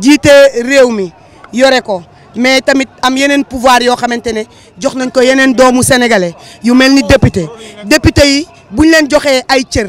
jiite réew mi yore ko mais tamit am yeneen pouvoir yoo xamante ne jox nañ ko yeneen doomu sénégalais yu mel ni député député yi buñ leen joxee ay cër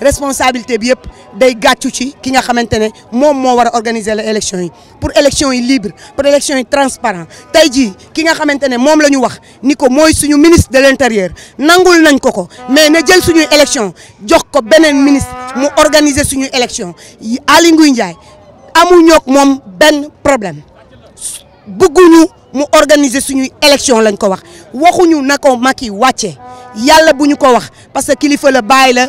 responsabilité bi day gatchu ci ki nga xamantene mom mo wara organiser les élections yi pour élection yi libre pour élection yi transparent tay ji ki nga xamantene mom lañu wax niko moy suñu ministre de l'intérieur nangul nañ ko ko mais na jël suñu élection jox ko benen ministre mu organiser suñuy élection Aly Ngouille Ndiaye ñok mom ben problème bëgguñu mu organiser suñu élection lañ ko wax waxuñu na maki Macky yalla buñu ko wax parce que kilifa la bàyyi la